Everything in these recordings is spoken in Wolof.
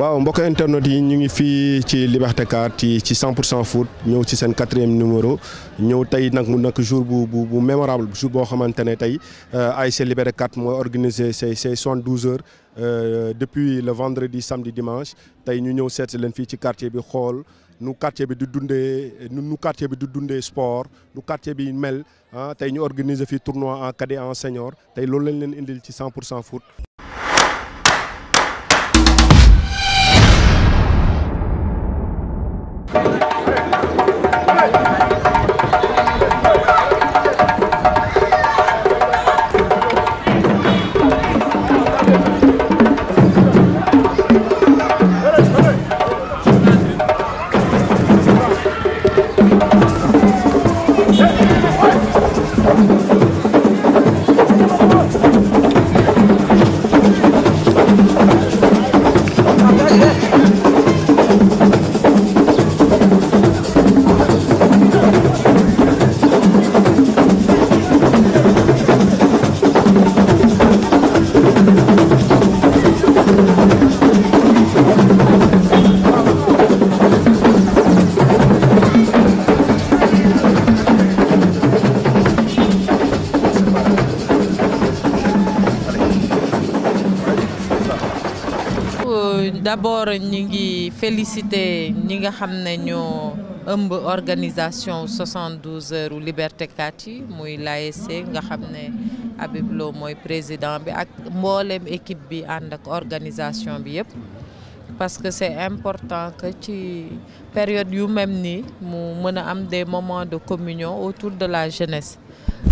waaw mbokk internet yi ñu ngi fii ci Liberté 4 ci 100 pour cent foot ñëw ci seen quatrième numéro ñëw tey nag mu nekk jour bu bu bu mémorable jour boo xamante ne tey euh, ASC Liberté 4 mooy organiser ses c'est 72 heures euh, depuis le vendredi samedi dimanche tey ñu ñëw seet si leen ci quartier bi xool. nu quartier bi di dundee nu quartier bi di sport nu quartier bi mel ah tey ñu organiser de tournoi en cadet en senior tey loolu lañ leen indil ci 100 foot. d'abord nous ngi l'organisation ñi organisation 72 heures Liberté Kati, qui muy l'ASC nga xam Abiblo, Habib président et ak mboolem équipe bi organisation bi parce que c'est important que ci période yu même ni, mu am des moments de communion autour de la jeunesse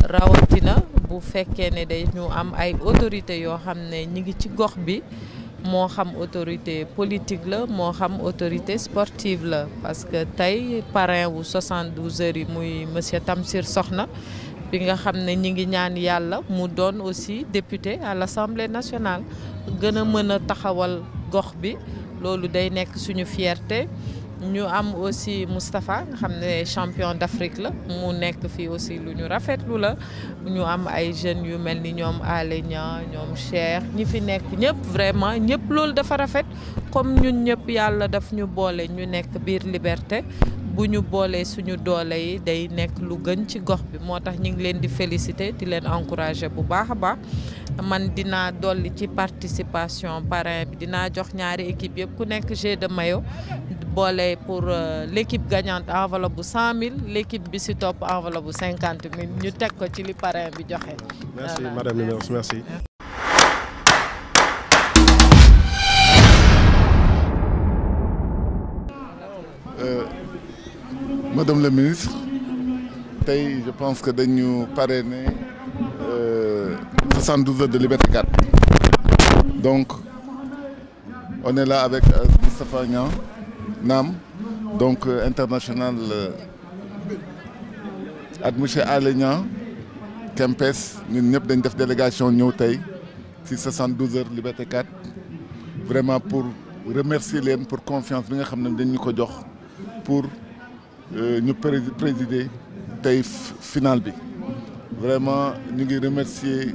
rawatina bu faites que nous am ay autorités yo xam ñi mon xam autorité politique la mon xam autorité sportive la parce que tay parrain wu 72 heures yi monsieur Tamsir Soxna bi nga xam ne ñi ngi ñaan yalla mu donne aussi député à l'Assemblée nationale gëna mëna taxawal gox bi lolu day nekk suñu fierté nous avons aussi Mustapha, nga est champion d'Afrique Nous mu nekk aussi lu ñu Nous la ñu am ay jeunes yu chers, nous des nous ñoom ñi vraiment dafa comme nous avons yàlla daf ñu Liberté bu ñu boolee suñu day nous lu gën ci bi féliciter man dina dolli ci participation parrain bi dina jox ñaari équipe yépp ku nekk jeu de mayo bolé pour euh, l'équipe gagnante enveloppe 100.000, l'équipe bi ci top enveloppe 50.000. ñu tek ko ci li parrain bi merci madame le euh, ministre merci. Madame le ministre je pense que nous parrainer heures de Liberté 4. Donc, on est là avec euh, Mustafa, NAM, donc euh, international euh, Alénia Kempes nous avons délégation 72 Liberté 4 vraiment pour remercier les pour confiance pour nous euh, présider la final vraiment nous remercions.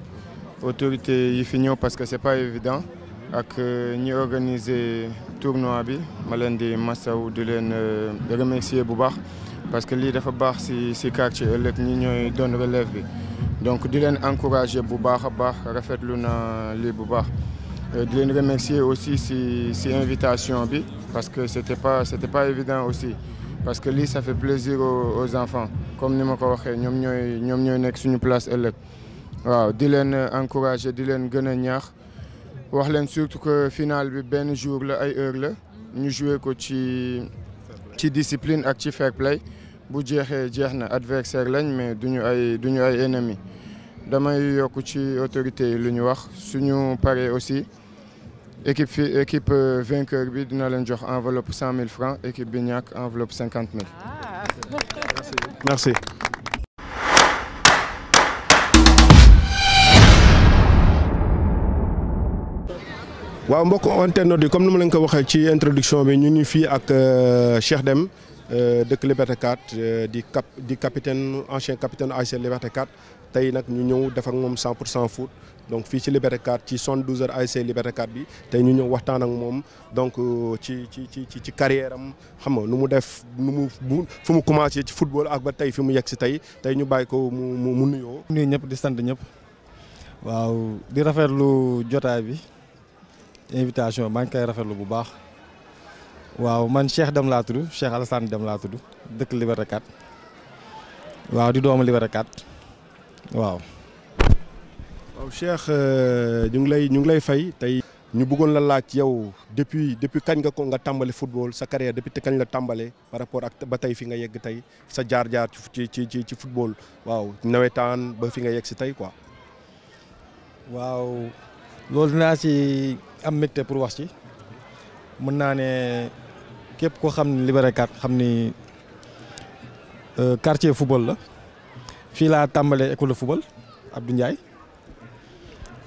autorité yi fi parce que c'est pas évident ak euh, ñi organiser tournoi bi ma leen di di leen euh, remercier bu baax parce que lii dafa baax si si quartier ëllëg ñi ñooy doon relève bi donc di leen encourager bu baax a baax rafetlu na lii bu baax euh, di remercier aussi si si invitation bi parce que c'était pas c'était pas évident aussi parce que ça fait plaisir aux enfants comme ni ma ko waxee ñoom ñooy ñoom ñooy place ëllëg Dylan les encourage, Dylan les surtout que la finale est bien jour, Nous jouons avec la discipline et le fair play. Nous des adversaires, mais nous avons des ennemis. nous avons des l'autorité de l'Union. Si nous aussi, l'équipe euh, vainqueur enveloppe 100 000 francs, l'équipe Bignac, enveloppe 50 000. Merci. waaw mbokk internautes yi comme ni ma leen ko waxee ci introduction bi ñu ngi fii ak euh, Cheikh Dème euh, dëkk Liberté 4 euh, di cap di capitaine ancien capitaine ASC Liberté 4 tey nag ñu ñëw def ak moom 100 pour cent foot donc fii ci Liberté 4 ci 72 heures ASC Liberté 4 bi tey ñu ñëw waxtaan ak moom donc ci ci ci ci ci am xam nga nu mu def nu mu bu fu mu commencé ci football ak ba tey fi mu yegg si tey tey ñu bàyyi ko mu mu nuyoo. nuyu ñëpp di sant ñëpp. waaw rafetlu jotaay bi. invitation maa ngi koy rafetlu bu baax waaw man Cheikh dem laa tudd Cheikh Alassane Deme laa tudd dëkk Liberté 4 waaw di doomu Liberté 4 waaw. waaw euh, ñu ngi lay ñu ngi lay fay tey. ñu buggoon la laaj yow depuis depuis kañ nga ko nga tàmbali football sa carrière depuis kañ la tàmbale par rapport ak ba tey fi nga yegg tey sa jaar-jaar ci ci ci ci football waaw nawetaan ba fi nga yegg si tey waaw Lors de la am mbégte pour wax ci mën naa ne képp koo xam ne Liberté 4 xam ni euh, quartier football la fii laa tàmbalee école de football Abdou Ndiaye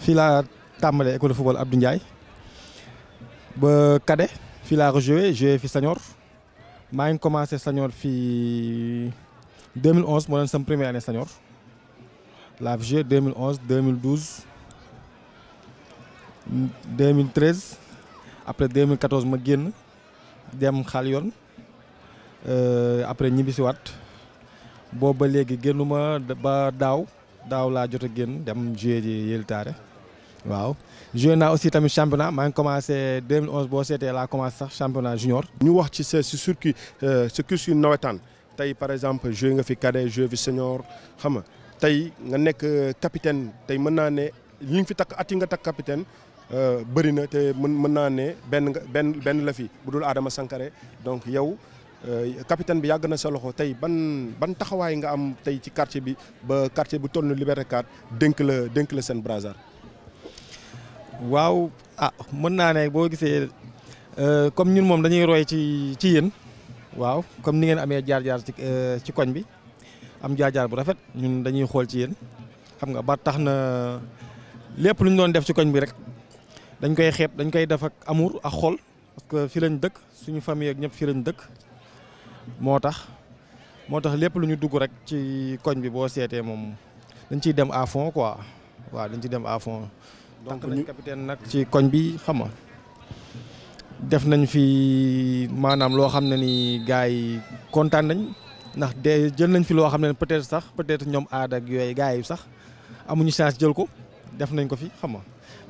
fii laa tàmbalee école de football Abdou Ndiaye ba cadet fii a rejoué, j'ai fait senior maa commencé senior fii 2011 moo doon sama première année senior La fi 2011 2012. 2013 après 2014 ma génn dem xaal yoon euh, après ñibbisiwaat boobu ba légui génnuma ba daw daw la jot a génn dem jouer ji yeltare waaw joué naa aussi tamit championnat maa ngi commencé 2011 boo seetee laa commencé sax championnat junior. ñu wax ci sa si circuit euh, sa cursus nawetaan tey par exemple joué nga fi cadet joué fi senior xam nga tey nga nekk euh, capitaine tey mën naa ne li fi takk at yi nga takk capitaine. Euh, bëri na te mën mën naa ne benn benn benn la fi bu dul Adama Sankare donc yow euh, capitaine bi yàgg na sa loxo tey ban ban taxawaay nga am tey ci quartier bi ba quartier bu toll ni Liberté 4 dénk la dénk la seen brassard. waaw a ah, mën naa ne boo gisee euh, comme ñun moom dañuy roy ci ci yéen waaw comme ni ngeen amee jaar-jaar ci ci koñ bi am jaar-jaar bu rafet ñun dañuy xool ci yéen xam nga ba tax na lépp lu ñu doon def ci koñ bi rek. dañ koy xeeb dañ koy def ak amour ak xol parce que fi lañ dëkk suñu famille ak ñëpp fi lañ dëkk moo tax moo tax lépp lu ñu dugg rek ci koñ bi boo seetee moom dañ ciy dem à fond quoi waaw dañ ci dem à fond. donc ñu capitaine nag ci koñ bi xam nga def nañ fi maanaam loo xam ne ni gars yi kontaan nañ ndax de jël nañ fi loo xam ne peut-être sax peut-être ñoom aada ak yooyu gars yi sax amuñu chance jël ko def nañ ko fi xam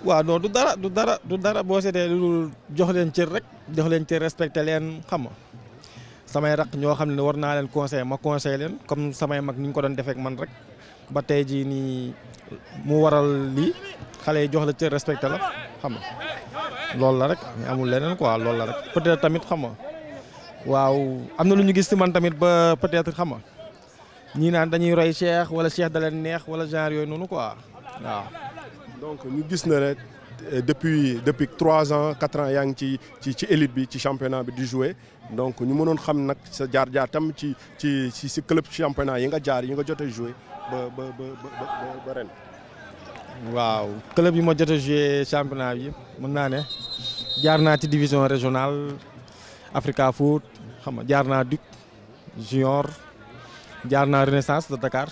waaw non du dara du dara du dara boo seetee ya, lu jox leen cër rek jox leen cër respecté leen xam nga samay raq ñoo xam ne war naa leen conseil ma conseil leen comme samay mag ni ñu ko doon defeek man rek ba tey jii nii mu waral lii xale jox la cër respecté la xam nga loolu la rek amul leneen quoi loolu la rek peut-être tamit xam nga waaw am na lu ñu gis ci man tamit ba peut-être xam nga ñii naan dañuy roy Cheikh wala Cheikh da leen neex wala genre yooyu noonu quoi waaw. donc ñu gis na rek euh, depuis depuis 3 ans 4 ans yaa ngi ci ci bi ci championnat bi di jouer donc ñu mënoon xam nag sa jaar-jaar tam ci ci ci club championnat yi nga jaar yi nga jotté jouer ba ba ba ba ren. waaw club yi mo jotté jouer championnat yi mën naa ne jaar na ci division régionale Africa Foot xam nga jaar na Duc Junior jaar na Renaissance de Dakar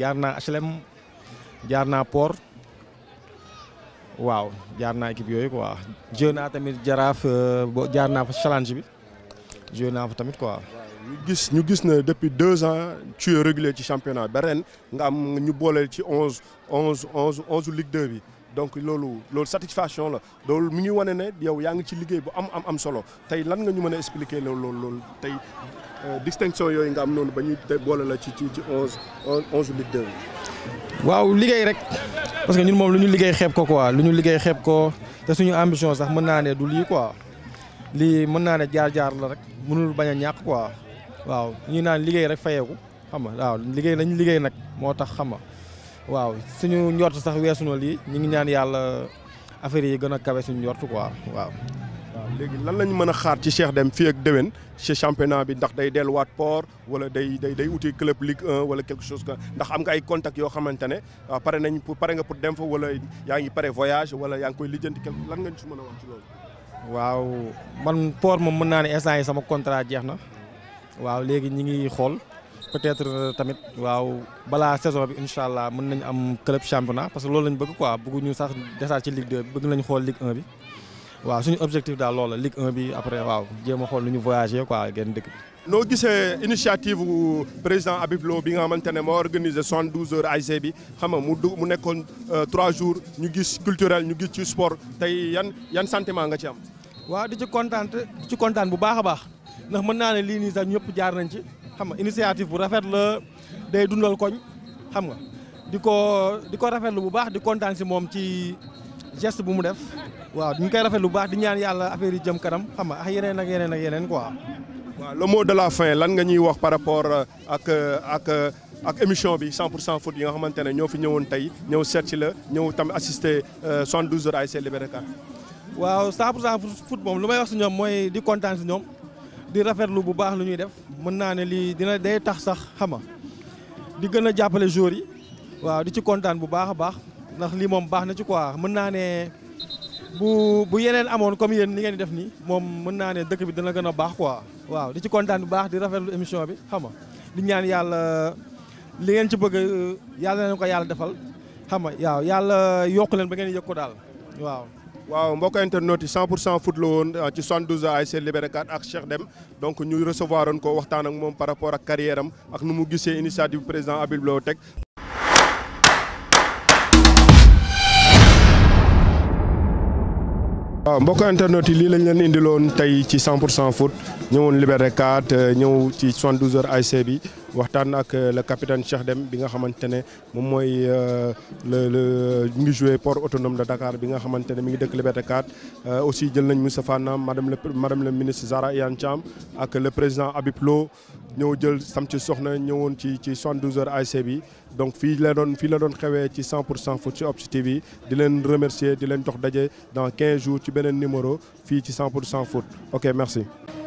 jaar na HLM jaar na Port. waaw jaar naa équipe yooyu quoi joué naa tamit jaraaf euh, bo jaar naa fa challenge bi joué naa fa tamit quoi. ñu gis ñu gis ne depuis deux ans tu es ci championnat ba ren nga am ñu booleel ci onze onze onze onze Ligue bi donc loolu loolu satisfaction la loolu mu ngi wane ne yow yaa ngi ci liggéey bu am am am solo tey lan nga ñu mën a expliquer loolu loolu loolu tey euh, distinction yooyu nga am noonu ba ñuy boole la ci ci ci onze onze Ligue 2 bi. waaw liggéey rek parce que ñun moom lu ñu liggéey xeeb ko quoi lu ñu liggéey xeeb ko te suñu ambition sax mën naa ne du lii quoi lii mën naa ne jaar-jaar la rek mënul bañ a ñàkk quoi waaw ñu naan liggéey rek fayeeku xam nga waaw liggéey lañu liggéey nag moo tax xam nga waaw suñu njort sax weesu na lii ñu ngi ñaan yàlla affaire yi gën a kawe suñu njort quoi waaw. waaw léegi lan lañ mën a xaar ci Cheikh dem fii ak déwén ce championnat bi ndax day delluwaat port wala day day day outil club Ligue 1 wala quelque chose que ndax am nga ay contact yo xamante ne ah, pare nañ pour pare nga pour dem fa wala yaa ngi pare voyage wala yaa koy lijjanti quelque lan nga ci mëna mën wax ci loolu. waaw man port moom mën naa instant yi sama contrat jeexna na waaw léegi ñi ngi xol peut-être euh, tamit waaw bala saison bi inshallah mën nañ am club championnat parce que loolu lañ bëgg quoi bëggu ñu sax desaat ci Ligue 2 bëgg nañ xol Ligue 1 bi waaw suñu objectif daal loolu la Ligue 1 bi après waaw jéem a xool nu ñu voyager quoi genn dëkk bi. noo gisee initiative bu président Habib Lo bi nga xamante ne moo organisé 72 heures ASC bi xam nga mu du mu nekkoon 3 euh, jours ñu gis culturel ñu gis ci sport tey yan yan sentiment nga ci am. waaw di ci kontaan di ci kontaan bu baax a baax ndax mën naa ne lii nii sax ñëpp jaar nañ ci xam nga initiative bu rafet la day dundal koñ xam nga di ko di ko rafetlu bu baax di kontaan si moom ci. geste bu mu def waaw ñu koy rafet lu baax di ñaan yàlla affaire yi jëm kanam xam nga ak yeneen ak yeneen ak yeneen quoi. waaw le mot de la fin lan nga ñuy wax par rapport euh, ak euh, ak euh, ak émission bi 100 pour 100 foot yi nga xamante ne ñoo fi ñëwoon tey ñëw seet si la ñëw tam assister 72 heures ASC Liberté 4. waaw 100 pour 100 foot moom lu may wax si ñoom mooy di kontaan si ñoom di rafetlu bu baax lu ñuy def mën naa ne lii dina day tax sax xama di gën a jàppale joueurs yi waaw di ci kontaan bu baax a baax. ndax lii moom baax na ci quoi mën naa ne bu bu yeneen amoon comme yéen ni ngeen def nii moom mën naa ne dëkk bi dana gën a baax quoi waaw di ci kontaan bu baax di rafetlu émission bi xam nga di ñaan yàlla li ngeen ci bëgg euh, yàlla na ko yàlla defal xam nga waaw yàlla yokk leen ba ngeen yëg ko daal waaw. waaw mbokk internautes yi 100 pour 100 foot la woon euh, ci 72 ASC Liberté 4 ak Cheikh Deme donc ñu recevoir woon ko waxtaan ak moom par rapport a carrière am ak nu mu gisee initiative président Habib Lo teg. waaw mbokk internet yi lii lañ leen indiloon tey ci 100 pour cent foot ñëwoon Liberté 4 ñëw ci 72 heures ASC waxtaan ak euh, le capitaine Cheikh Dem bi nga xamantene mom moy euh, le le mi ngi port autonome de Dakar bi nga xamantene mi ngi dëkk Liberté 4 euh, aussi jël nañ Moustapha Nam madame le madame le ministre Zara Iyane Cham ak le président Habib Lo ñëw jël sam ci soxna ñewon ci ci 72 heures AC bi donc fi la doon fi la doon xewé ci 100 foot ci Ops TV di len remercier di len dox dajé dans 15 jours ci benen numéro fi ci 100 foot ok merci.